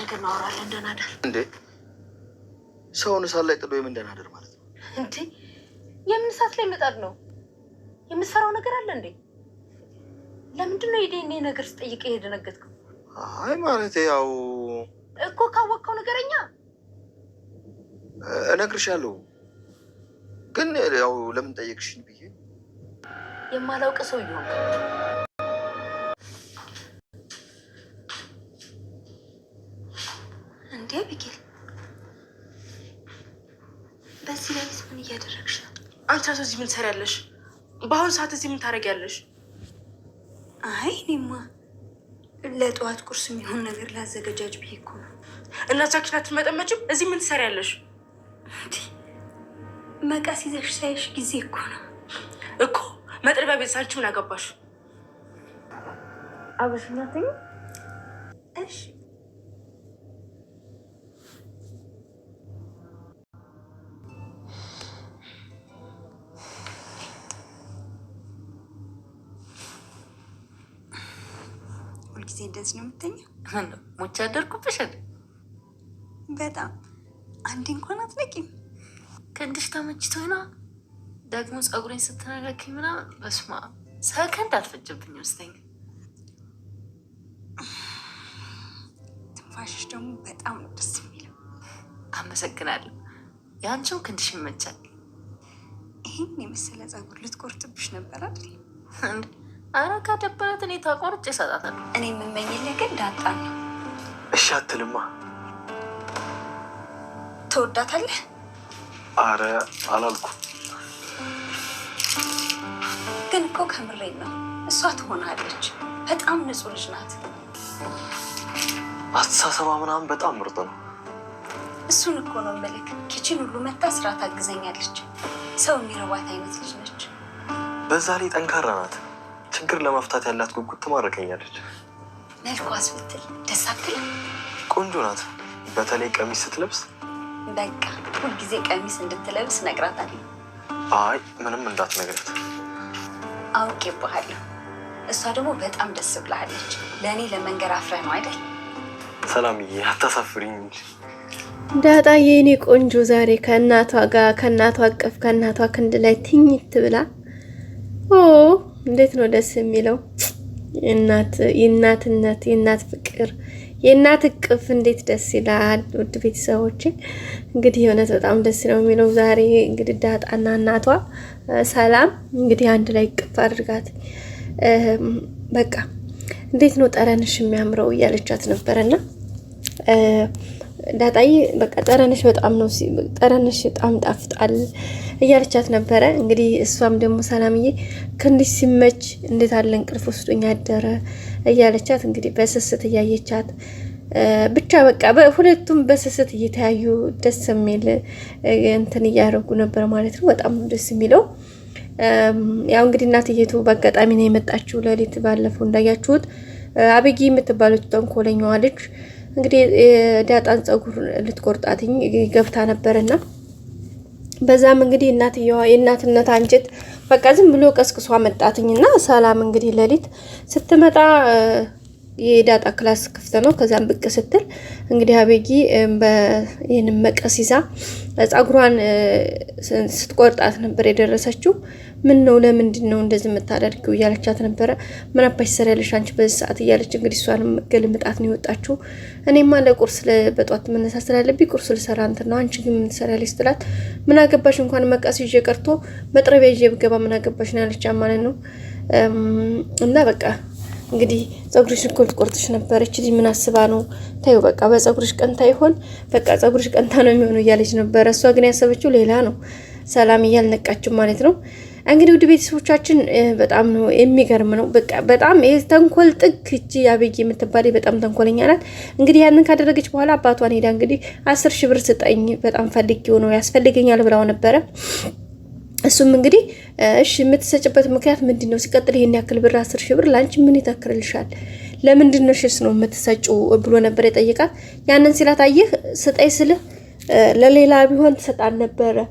ነገር እናወራለን። ደህና ደር እንዴ! ሰውን እሳት ላይ ጥሎ የምን ደህና ደር ማለት ነው እንዴ? የምን እሳት ላይ መጣድ ነው? የምትሰራው ነገር አለ እንዴ? ለምንድን ነው የዲኤንኤ ነገር ስጠይቅ የደነገጥከው? አይ ማለት ያው እኮ ካወቅከው ነገረኛ እነግርሻለሁ። ግን ያው ለምን ጠየቅሽኝ ብዬ የማላውቅ ሰው እየሆንኩ ቢኪል በዚህ ላይ ምን እያደረግሽ ነው? አንቺ ራሱ እዚህ ምን ትሰሪያለሽ? በአሁኑ ሰዓት እዚህ ምን ታደርጊያለሽ? አይ እኔማ ለጠዋት ቁርስ የሚሆን ነገር ላዘገጃጅ ብዬ እኮ ነው። እና ሳኪናቱን መጠመጭም እዚህ ምን ትሰሪያለሽ? መቃስ ይዘሽ ሳይሽ ጊዜ እኮ ነው እኮ መጥረቢያ ቤት ሳንቺ ምን አገባሽ? አብሽ እናትኝ እሺ ጊዜ እንደዚህ ነው የምተኛ? ሞች አደርኩብሻል በጣም አንድ እንኳን አትነቂም። ክንድሽ ተመችቶኝ ነው ደግሞ ፀጉሬን ስትነካኪኝ ምናምን በስማ ሰከንድ አልፈጀብኝ ወስተኛ ትንፋሽሽ ደግሞ በጣም ነው ደስ የሚለው። አመሰግናለሁ። የአንቺም ክንድሽ ይመቻል። ይህን የመሰለ ፀጉር ልትቆርጥብሽ ነበራል አረ ካደበረት እኔ ታቆርጭ ይሰጣታል። እኔ የምመኝልህ ግን ዳጣ ነው። እሺ አትልማ። ትወዳታለህ? አረ አላልኩ ግን እኮ ከምሬ ነው። እሷ ትሆናለች። በጣም ንጹህ ልጅ ናት። አስተሳሰባ ምናምን በጣም ምርጥ ነው። እሱን እኮ ነው የምልህ። ኪችን ሁሉ መታ ስራ ታግዘኛለች። ሰው የሚረዋት አይነት ልጅ ነች። በዛ ላይ ጠንካራ ናት። ችግር ለመፍታት ያላት ጉጉት ትማርከኛለች። መልኳስ ብትል ደስ ቆንጆ ናት። በተለይ ቀሚስ ስትለብስ በቃ ሁልጊዜ ቀሚስ እንድትለብስ እነግራታለሁ። አይ ምንም እንዳትነግረት አውቄብሃለሁ። እሷ ደግሞ በጣም ደስ ብላለች። ለእኔ ለመንገር አፍረህ ነው አይደል? ሰላምዬ አታሳፍሪኝ እንጂ ዳጣ የእኔ ቆንጆ ዛሬ ከእናቷ ጋር ከእናቷ አቀፍ ከእናቷ ክንድ ላይ ትኝት ብላ ኦ እንዴት ነው ደስ የሚለው! እናት የእናትነት የእናት ፍቅር የእናት እቅፍ እንዴት ደስ ይላል! ውድ ቤተሰቦች እንግዲህ የእውነት በጣም ደስ ነው የሚለው። ዛሬ እንግዲህ ዳጣና እናቷ ሰላም እንግዲህ አንድ ላይ እቅፍ አድርጋት በቃ እንዴት ነው ጠረንሽ የሚያምረው እያለቻት ነበረና ዳጣዬ በቃ ጠረንሽ በጣም ነው ጠረንሽ በጣም ጣፍጣል እያለቻት ነበረ። እንግዲህ እሷም ደግሞ ሰላምዬ ክንዲሽ ሲመች እንዴት አለ እንቅልፍ ወስዶኝ አደረ እያለቻት እንግዲህ በስስት እያየቻት ብቻ በቃ በሁለቱም በስስት እየተያዩ ደስ የሚል እንትን እያደረጉ ነበር ማለት ነው። በጣም ደስ የሚለው። ያው እንግዲህ እናትየቱ በአጋጣሚ ነው የመጣችው ሌሊት፣ ባለፈው እንዳያችሁት አብጊ የምትባለች ተንኮለኛዋ ልጅ እንግዲህ ዳጣን ፀጉር ልትቆርጣትኝ ገብታ ነበርና በዛም እንግዲህ እናትየዋ የእናትነት አንጀት በቃ ዝም ብሎ ቀስቅሷ መጣትኝና ሰላም እንግዲህ ሌሊት ስትመጣ የዳጣ ክላስ ክፍት ነው። ከዛም ብቅ ስትል እንግዲህ አቤጊ ይህንን መቀስ ይዛ ፀጉሯን ስትቆርጣት ነበር የደረሰችው። ምን ነው ለምንድን ነው እንደዚህ የምታደርገው እያለቻት ነበረ። ምን አባሽ ትሰሪያለሽ አንቺ በዚህ ሰዓት እያለች እንግዲህ እሷንም ገልምጣት ነው የወጣችው። እኔማ ለቁርስ በጧት መነሳ ስላለብኝ ቁርስ ልሰራ እንትን ነው አንቺ ግን ምን ትሰሪያለሽ ስትላት ምን አገባሽ እንኳን መቃስ ይዤ ቀርቶ መጥረቢያ ይዤ ብገባ ምን አገባሽ ነው ያለች ማለት ነው። እና በቃ እንግዲህ ጸጉርሽ እኮ ልትቆርጥሽ ነበረች ልጅ ምን አስባ ነው ታዩ፣ በቃ በጸጉርሽ ቀንታ ይሆን በቃ ጸጉርሽ ቀንታ ነው የሚሆነው እያለች ነበረ። እሷ ግን ያሰበችው ሌላ ነው። ሰላም እያልነቃችው ማለት ነው። እንግዲህ ውድ ቤተሰቦቻችን በጣም ነው የሚገርም ነው። በቃ በጣም ተንኮል ጥግ እጅ አብይ የምትባል በጣም ተንኮለኛ ናት። እንግዲህ ያንን ካደረገች በኋላ አባቷን ሄዳ እንግዲህ አስር ሺህ ብር ስጠኝ በጣም ፈልጌው ነው ያስፈልገኛል ብላው ነበረ። እሱም እንግዲህ እሺ የምትሰጭበት ምክንያት ምንድን ነው? ሲቀጥል ይሄን ያክል ብር አስር ሺህ ብር ለአንቺ ምን ይተክርልሻል? ለምንድን ነው ሽስ ነው የምትሰጭው ብሎ ነበር የጠይቃት። ያንን ሲላት አየህ ስጠኝ ስልህ ለሌላ ቢሆን ትሰጣን ነበረ